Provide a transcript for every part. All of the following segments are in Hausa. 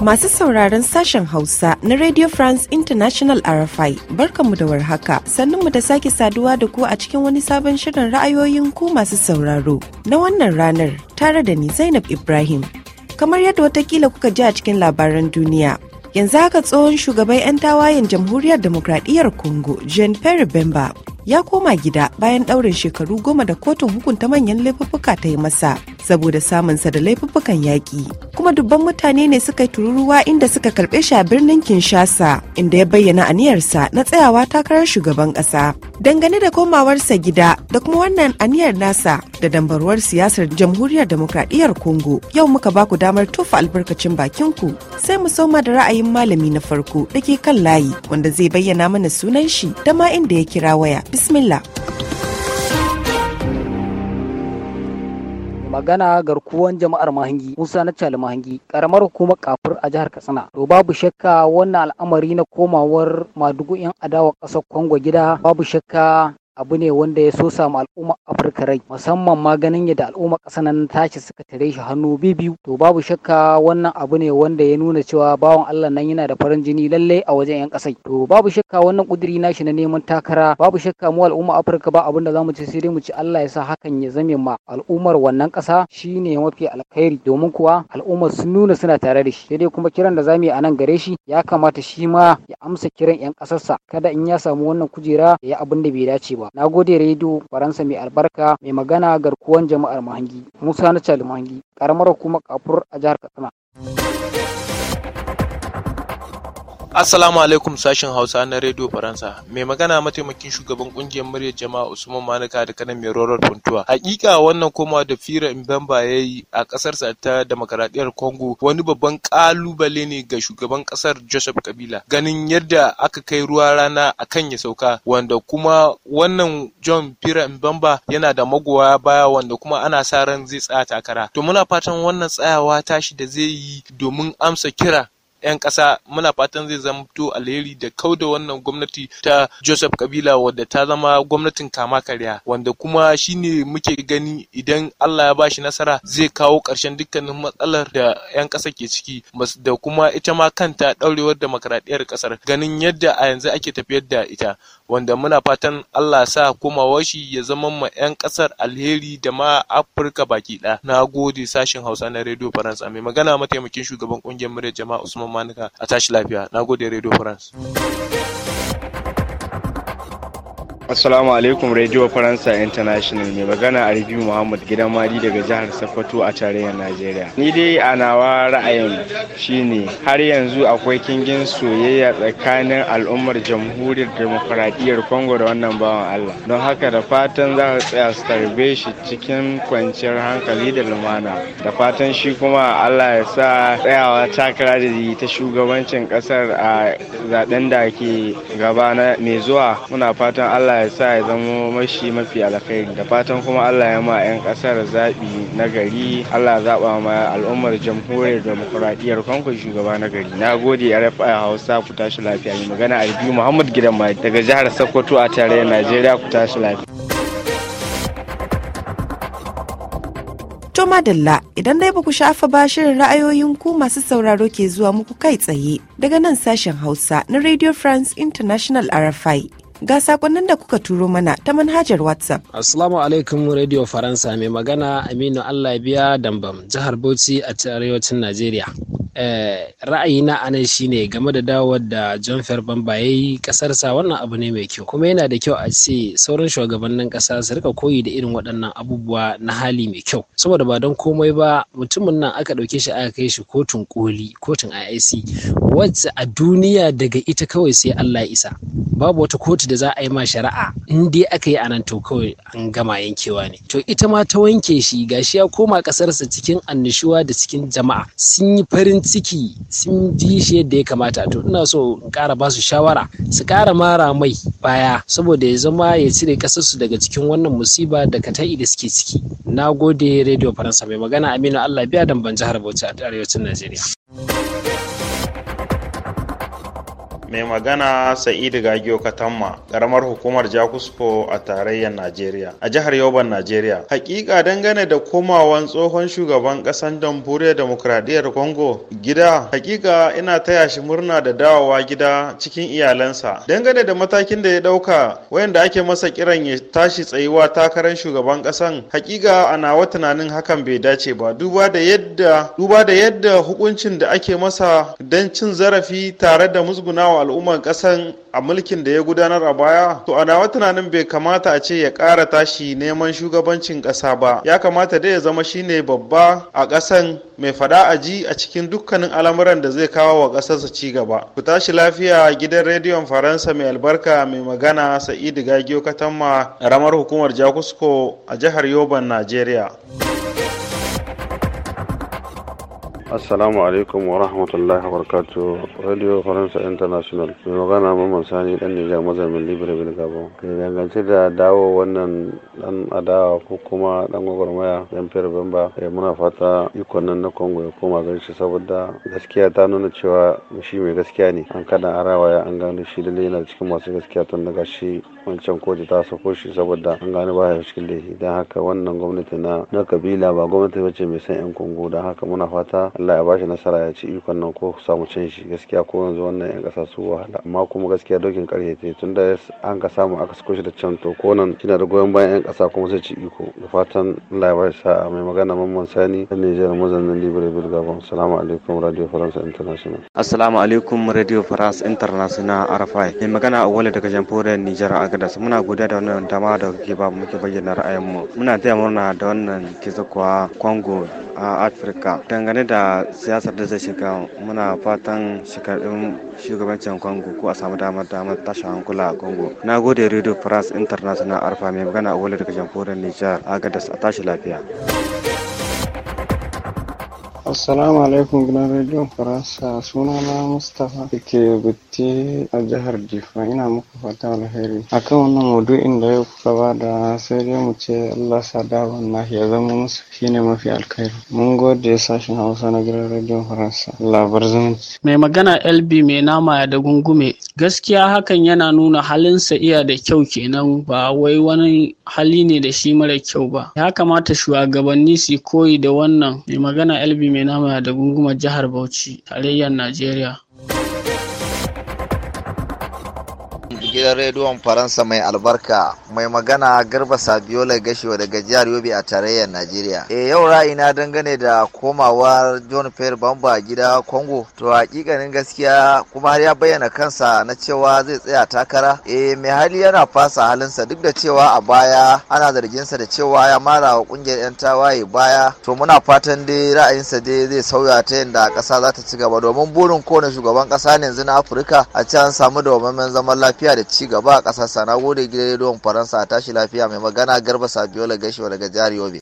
Masu sauraron sashen Hausa na Radio France International RFI, mu da warhaka, mu da sake saduwa da ku a cikin wani sabon shirin ra'ayoyin ku masu sauraro na wannan ranar tare da ni Zainab Ibrahim. Kamar yadda watakila kuka ji a cikin labaran duniya, yanzu haka tsohon shugaban 'yan tawayen jamhuriyar demokradiyyar Congo, Jean Pierre Bemba, ya koma gida bayan ɗaurin shekaru goma da kotun hukunta manyan laifuffuka ta yi masa saboda samunsa da laifuffukan yaƙi kuma dubban mutane ne suka yi tururuwa inda suka karɓe shi a birnin kinshasa inda ya bayyana aniyarsa na tsayawa takarar shugaban ƙasa dangane da komawarsa gida da kuma wannan aniyar nasa da dambarwar siyasar jamhuriyar demokradiyyar congo yau muka baku damar tofa albarkacin bakinku sai mu soma da ra'ayin malami na farko da ke kan layi wanda zai bayyana mana sunan shi da ma inda ya kira waya Bismillah. magana garkuwan jama'ar mahangi musa na cali mahangi karamar hukumar kafur a jihar katsina to babu shakka wannan al'amari na komawar madugu yan adawa ƙasar kongo gida babu shakka abu ne wanda ya so samu al'umma afirka rai musamman ma ganin yadda al'umma ƙasar nan tashi suka tare shi hannu biyu to babu shakka wannan abu ne wanda ya nuna cewa bawan allah nan yana da farin jini lallai a wajen yan ƙasai to babu shakka wannan ƙuduri nashi na neman takara babu shakka mu al'umma afirka ba abinda da zamu ci sai dai mu ci allah ya sa hakan ya zame ma al'ummar wannan ƙasa shine mafi alkhairi domin kuwa al'ummar sun nuna suna tare da shi sai dai kuma kiran da zamu yi a nan gare shi ya kamata shi ma ya amsa kiran yan ƙasarsa kada in ya samu wannan kujera ya abinda bai dace ba cewa na gode rediyo faransa mai albarka mai magana garkuwan jama'ar mahangi musa na cali mahangi karamar hukumar kafur a jihar katsina Assalamu alaikum sashen Hausa na Radio Faransa. Mai magana mataimakin shugaban kungiyar muryar jama'a Usman Manuka da kanan mai rorar Funtuwa. Hakika wannan koma da Fira Mbemba ya yi a ƙasarsa ta demokaradiyyar Congo wani babban kalubale ne ga shugaban kasar Joseph Kabila. Ganin yadda aka kai ruwa rana akan ya sauka wanda kuma wannan John Fira Mbemba yana da magoya baya wanda kuma ana sa ran zai tsaya takara. To muna fatan wannan tsayawa tashi da zai yi domin amsa kira 'yan ƙasa muna fatan zai zamto alheri da kau da wannan gwamnati ta joseph kabila wadda ta zama gwamnatin kama karya wanda kuma shine muke gani idan allah ya bashi nasara zai kawo ƙarshen dukkanin matsalar da 'yan ƙasa ke ciki da kuma ita ma kanta ɗaurewar demokradiyyar ƙasar ganin yadda a yanzu ake tafiyar da ita wanda muna fatan Allah sa komawar shi ya zama ma 'yan kasar alheri da ma Afirka baki ɗaya. Na gode sashen Hausa na Radio France mai magana mataimakin shugaban kungiyar murya jama'a Usman Manuka a tashi lafiya. Na gode Radio France. Assalamu alaikum Radio Faransa International mai magana a Rabi Muhammad Gidan Madi daga jihar Sokoto a tarayyar Najeriya. Ni dai a nawa ra'ayin shi ne, har yanzu akwai kingin soyayya tsakanin al'ummar jamhuriyar demokuraɗiyyar Congo da wannan bawan Allah. Don haka da fatan za ka tsaya su tarbe shi cikin kwanciyar hankali da lumana. Da fatan shi kuma Allah ya sa tsayawa takara da ta shugabancin ƙasar a zaɓen da ke gaba na mai zuwa muna fatan Allah ya sa ya zama mashi mafi alkhairi da fatan kuma Allah ya ma 'yan kasar zaɓi na gari Allah zaɓa ma al'ummar jamhuriyar demokuraɗiyyar Kongo shugaba na gari na gode RFI Hausa ku tashi lafiya mai magana a biyu Muhammad Gidan daga jihar Sokoto a tarayyar Najeriya ku tashi lafiya To madalla idan dai ba ku shafa ba shirin ra'ayoyin ku masu sauraro ke zuwa muku kai tsaye daga nan sashen Hausa na Radio France International RFI ga sakonnin da kuka turo mana ta manhajar WhatsApp. Assalamu alaikum Radio Faransa mai magana Aminu Allah biya Dambam jihar Bauchi a arewacin Najeriya. Eh, ra'ayina a nan shine game da dawowar da john bamba ya yi kasarsa wannan abu ne mai kyau kuma yana da kyau a ce sauran shugabannin kasa su rika koyi da irin waɗannan abubuwa na hali mai kyau saboda ba don komai ba mutumin nan aka ɗauke shi aka kai shi kotun koli kotun iic wacce a duniya daga ita kawai sai allah isa babu wata kotu da za a yi ma shari'a in dai aka yi a nan to kawai an gama yankewa ne to ita ma ta wanke shi gashi ya koma kasarsa cikin annishuwa da cikin jama'a sun yi farin ciki sun ji shi yadda ya kamata to ina so in kara ba su shawara su kara mara mai baya saboda ya zama ya cire kasarsu daga cikin wannan musiba da katai da suke ciki na gode radio faransa mai magana aminu allah biya dan ban jihar bauchi a arewacin najeriya mai magana sa'idu Gagio katamma karamar hukumar jakusko a tarayyar najeriya a jihar yoban najeriya hakika dangane da komawan tsohon shugaban kasan jamhuriyar demokradiyyar congo gida hakika ina taya shi murna da dawowa gida cikin iyalansa dangane da matakin da ya dauka wayanda ake masa kiran ya tashi tsayuwa takarar shugaban kasan hakika ana wa tunanin hakan bai dace ba duba da yadda duba da yadda hukuncin da ake masa don cin zarafi tare da musgunawa Al'ummar ƙasan a mulkin da ya gudanar a baya to a nawa tunanin bai kamata a ce ya ƙara tashi neman shugabancin ƙasa ba ya kamata dai ya zama shine babba a ƙasan mai fada a ji a cikin dukkanin al'amuran da zai kawo wa ƙasarsa ci gaba ku tashi lafiya gidan rediyon faransa mai albarka mai magana sa'idu gagiyo katamma ramar hukumar jakusko a jihar yoban najeriya Assalamu alaikum wa rahmatullahi wa barakatu Radio Faransa International mai magana Mamman Sani dan Nija mazamin Libre bin Gabon. Ke eh, dangance da dawo wannan dan adawa ko kuma dan gwagwarmaya dan Pierre ya eh, muna fata ikon nan na Congo ya koma gan shi saboda gaskiya ta nuna cewa shi mai gaskiya ne an kada arawa ya an gano shi lalle yana cikin masu gaskiya tun daga shi wancan koji ta sako shi saboda an ba ya cikin laifi don haka wannan gwamnati na na kabila ba gwamnati bace mai san yan Congo don haka muna fata Allah ya bashi nasara ya ci ikon nan ko samu cin shi gaskiya ko yanzu wannan yan kasa su wahala amma kuma gaskiya dokin karhe ce tunda an ka samu aka sako shi da can to ko nan kina da goyon bayan yan kasa kuma zai ci iko da fatan Allah ya bashi sa'a mai magana mamman sani a Nijar mazannin Libreville Gabon assalamu alaikum Radio France International assalamu alaikum Radio France International RFI mai magana awwala daga jamhuriyar Nijar a gadas muna godiya da wannan dama da kuke ba muke bayyana mu. muna taya murna da wannan kwa Congo a afirka dangane da siyasar da zai shiga muna fatan shekarun shugabancin congo ko a samu damar damar tashin hankula a congo na gode radio france international arfa mai magana a wale daga jamhuriyar nijar agadas a tashi lafiya Assalamu alaikum gidan rediyon Faransa Suna na Mustapha ke butte a jihar Jifa ina muku fata alheri akan wannan maudu'in da yau kuka da. sai dai mu ce Allah sa dawon na ya zama musu shine mafi alkhairi mun gode sashen Hausa na gidan rediyon Faransa labar zumunci mai magana LB mai nama ya da gungume gaskiya hakan yana nuna halinsa iya da kyau kenan ba wai wani hali ne da shi mara kyau ba ya kamata shugabanni su koyi da wannan mai magana elbi mai nama da gunguma jihar bauchi tarayyar najeriya gidan rediyon faransa mai albarka mai magana garba sabiola gashiwa daga jihar yobe a tarayyar najeriya e yau ra'ayina dangane da komawar john fair bamba gida congo to hakikanin gaskiya kuma har ya bayyana kansa na cewa zai tsaya takara e mai hali yana fasa halinsa duk da cewa a baya ana zarginsa da cewa ya mara wa kungiyar yan tawaye baya to muna fatan dai ra'ayinsa dai zai sauya ta yadda ƙasa za ta ci gaba domin burin kowane shugaban kasa ne yanzu na afirka a can an samu dawwammamen zaman lafiya da ci gaba a ƙasarsa na gode gidan rediyon faransa a tashi lafiya mai magana garba sabiola gashiwa daga jihar yobe.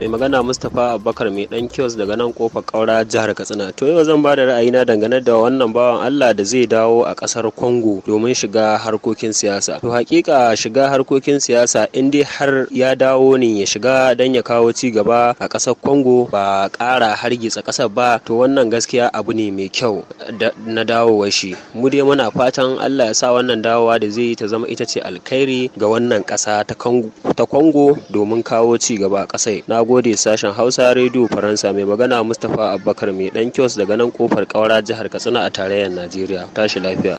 mai magana mustapha abubakar mai dan kios daga nan kofar kaura jihar katsina to yau zan ba da ra'ayina dangane da wannan bawan allah da zai dawo a kasar congo domin shiga harkokin siyasa to hakika shiga harkokin siyasa in dai har ya dawo ne ya shiga dan ya kawo ci gaba a kasar congo ba kara hargitsa kasar ba to wannan gaskiya abu ne mai kyau na dawo shi mu dai muna fatan allah ya sa wannan dawowa da zai yi ta zama ita ce alkhairi ga wannan kasa ta Kongo domin kawo ci gaba a kasai gode sashen Hausa rediyo Faransa mai magana Mustapha Abubakar mai dan kyos daga nan kofar kaura jihar Katsina a tarayyar Najeriya. Tashi lafiya.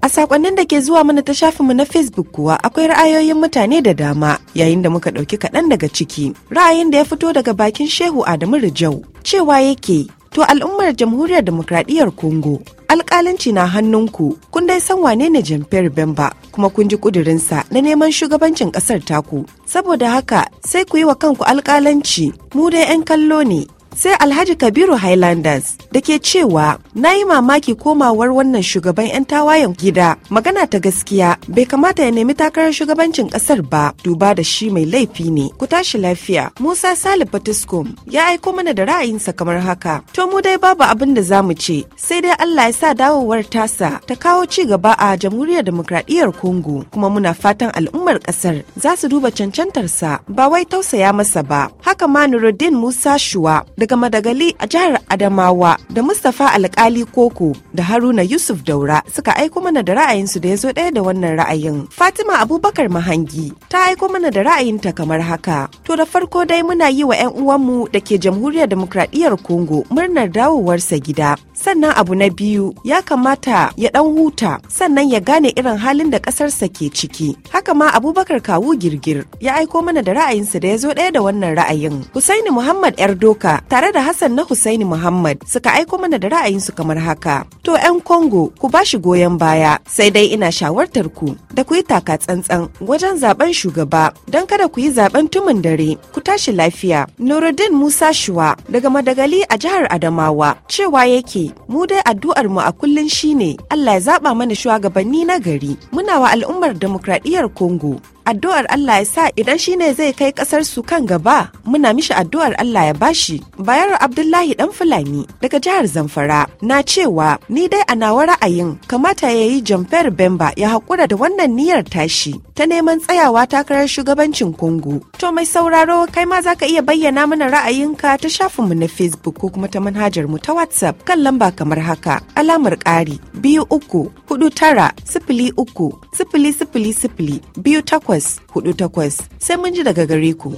A sakonnin da ke zuwa mana ta shafinmu na Facebook kuwa akwai ra'ayoyin mutane da dama yayin da muka ɗauki kaɗan daga ciki. Ra'ayin da ya fito daga bakin Shehu Adamu Rijau cewa yake to al'ummar jamhuriyar demokradiyyar Congo alkalanci na hannunku kun dai san wane ne jean pierre bemba kuma kun ji kudirinsa na neman shugabancin kasar taku saboda haka sai ku yi wa kanku alkalanci mu dai 'yan kallo ne sai alhaji kabiru highlanders da ke cewa na yi mamaki komawar wannan shugaban 'yan tawayen gida magana ta gaskiya bai kamata ya nemi takarar shugabancin kasar ba duba da shi mai laifi ne ku tashi lafiya musa salih batiskum ya aiko mana da ra'ayinsa kamar haka to mu dai babu abin da zamu ce sai dai allah ya sa dawowar tasa ta kawo ci gaba a jamhuriyar demokradiyyar congo kuma muna fatan al'ummar kasar za su duba cancantarsa ba wai tausaya masa ba haka ma Nuruddin Musa Shuwa daga Madagali a jihar Adamawa da Mustapha Alkali Koko da Haruna Yusuf Daura suka aiko mana da ra'ayinsu da ya zo ɗaya da wannan ra'ayin. Fatima Abubakar Mahangi ta aiko mana da ra'ayinta kamar haka. To da farko dai muna yi wa 'yan uwanmu da ke Jamhuriyar Demokradiyyar Congo murnar dawowarsa gida. Sannan abu na biyu ya kamata ya ɗan huta sannan ya gane irin halin da ƙasarsa ke ciki. Haka ma Abubakar Kawu Girgir ya aiko mana da ra'ayinsa da ya zo ɗaya da wannan ra'ayin. ra'ayin. Husaini Muhammad Erdoka tare da Hassan na Husaini Muhammad suka aiko mana da ra'ayinsu kamar haka. To 'yan Congo ku ba shi goyon baya sai dai ina shawartar ku da ku yi taka tsantsan wajen zaben shugaba don kada ku yi zaben tumin dare ku tashi lafiya. Nuruddin Musa Shuwa daga Madagali a jihar Adamawa cewa yake mu dai addu'ar mu a kullun shine Allah ya zaba mana shugabanni na gari. Muna wa al'ummar demokradiyyar Congo addu'ar Allah ya sa idan shi ne zai kai kasar su kan gaba muna mishi addu'ar Allah ya bashi bayar Abdullahi dan Fulani daga jihar Zamfara na cewa ni dai a nawa ra'ayin kamata ya yi Jamfer Bemba ya haƙura da wannan niyyar tashi ta neman tsayawa takarar shugabancin Congo to mai sauraro kai ma zaka iya bayyana mana ra'ayinka ta shafin mu na Facebook ko kuma ta manhajar mu ta WhatsApp kan lamba kamar haka alamar ƙari biyu uku hudu tara sifili uku sifili sifili sifili biyu takwas takwas sai mun ji daga gare ku.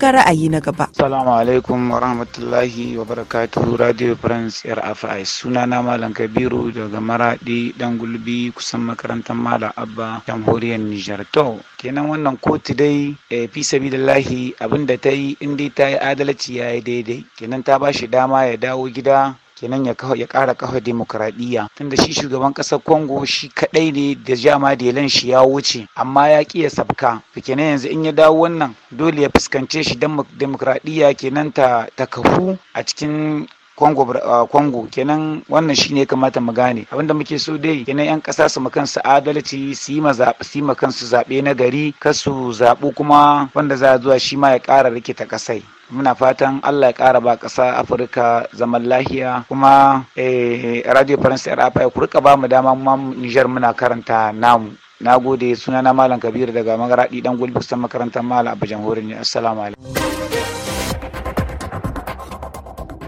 ga ra'ayi na gaba. Salamu alaikum wa rahmatullahi wa barakatu Radio France RFI suna na Malam Kabiru daga Maradi dan gulbi kusan makarantar Malam Abba jamhuriyar Nijar. To kenan wannan kotu dai eh, fi sabidillahi abinda ta yi in dai ta yi adalci ya yi daidai kenan ta ba shi dama ya dawo gida kenan ya ya kara kafa demokradiyya tunda shi shugaban kasar Kongo shi kadai ne da jama delan shi ya wuce amma ya ƙi ya sabka to kenan yanzu in ya dawo wannan dole ya fuskance shi demokradiyya kenan ta ta kafu a cikin Kongo kenan wannan shine kamata mu gane abinda muke so dai kenan yan kasa su su adalci su yi su yi kansu zaɓe na gari kasu su zaɓu kuma wanda za a zuwa shi ma ya ƙara rikita ƙasai. muna fatan Allah ya ƙara ba ƙasa Afirka zaman lahiya kuma eh, Radio France RFI ku rika ba mu dama mu Niger muna karanta namu na gode sunana malam kabiru daga magaradi dan gulbi kusan makarantar malam abuja horin ne assalamu alaikum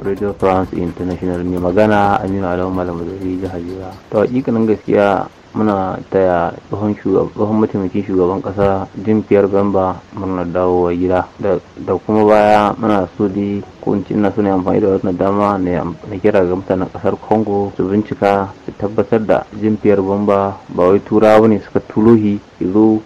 radio france international ne magana aminu alamu malam da jihar jira hakikanin gaskiya muna taya tsohon mataimakin shugaban kasa jim fiyar bamba murnar dawowa gida da kuma baya muna so dai kuncin na suna amfani da wannan dama na kira ga mutanen ƙasar congo su bincika su tabbatar da jim fiyar bamba ba wai turawa ne suka turo shi zo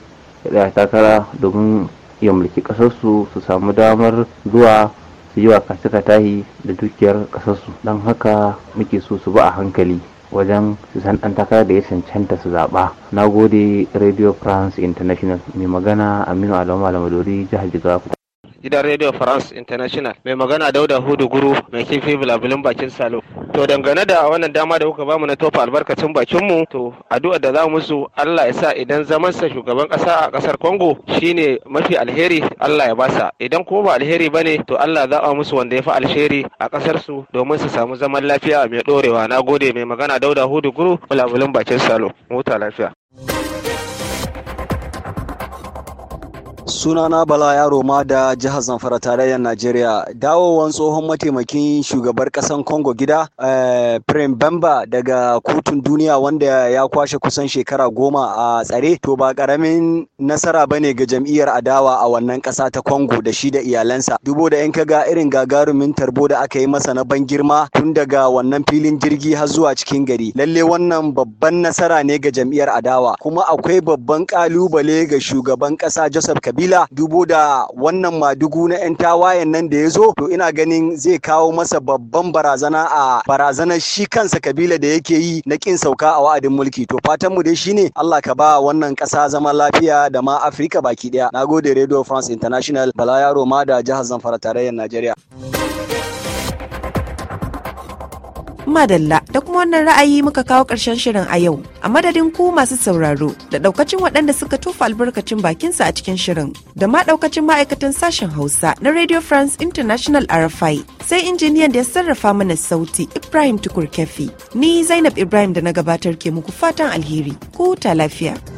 takara domin ya mulki ƙasarsu su samu damar zuwa su yi wa ka tahi da dukiyar ƙasarsu don haka muke so su ba a hankali wajen su san ɗan takar da ya cancanta su zaɓa na gode radio france international mai magana aminu alamu alamadori jihar jigawa gidan Radio France International mai magana Dauda Hudu Guru mai kifi bulabulin bakin salo. To dangane da wannan dama da kuka bamu na tofa albarkacin bakin mu to addu'a da za mu musu Allah ya sa idan zaman sa shugaban kasa a kasar Congo shine mafi alheri Allah ya basa idan kuma ba alheri bane to Allah za a musu wanda ya fi alheri a kasar su domin su samu zaman lafiya mai dorewa. Nagode mai magana Dauda Hudu Guru bulabulin bakin salo. Mota lafiya. sunana bala yaro ma da jihar zamfara tarayyar najeriya dawowan tsohon mataimakin shugabar kasan congo gida eh, prem bamba daga kotun duniya wanda ya kwashe kusan shekara goma a tsare to ba karamin nasara ba ne ga jam'iyyar adawa a wannan kasa ta congo da shi da iyalansa dubo da yan kaga irin gagarumin tarbo da aka yi masa na ban girma tun daga wannan filin jirgi har zuwa cikin gari lalle wannan babban nasara ne ga jam'iyyar adawa kuma akwai babban kalubale ga shugaban kasa joseph kabila kila dubo da wannan madugu na 'yan tawayen nan da ya zo to ina ganin zai kawo masa babban barazana a barazana shi kansa kabila da yake yi na kin sauka a wa'adin mulki to fatan mu dai shine Allah ka ba wannan ƙasa zaman lafiya da ma afrika baki daya nagode Radio France International Bala Yaro ma da jihar Zamfara tarayyar Najeriya Madalla da kuma wannan ra'ayi muka kawo ƙarshen shirin a yau. A madadin ku masu sauraro da ɗaukacin waɗanda suka tofa albarkacin bakinsa a cikin shirin da ma ɗaukacin ma'aikatan sashen Hausa na Radio France International RFI sai injiniyan da ya sarrafa mana sauti Ibrahim Tukur Kefi. Ni Zainab Ibrahim da na gabatar ke muku fatan alheri. Ku ta lafiya.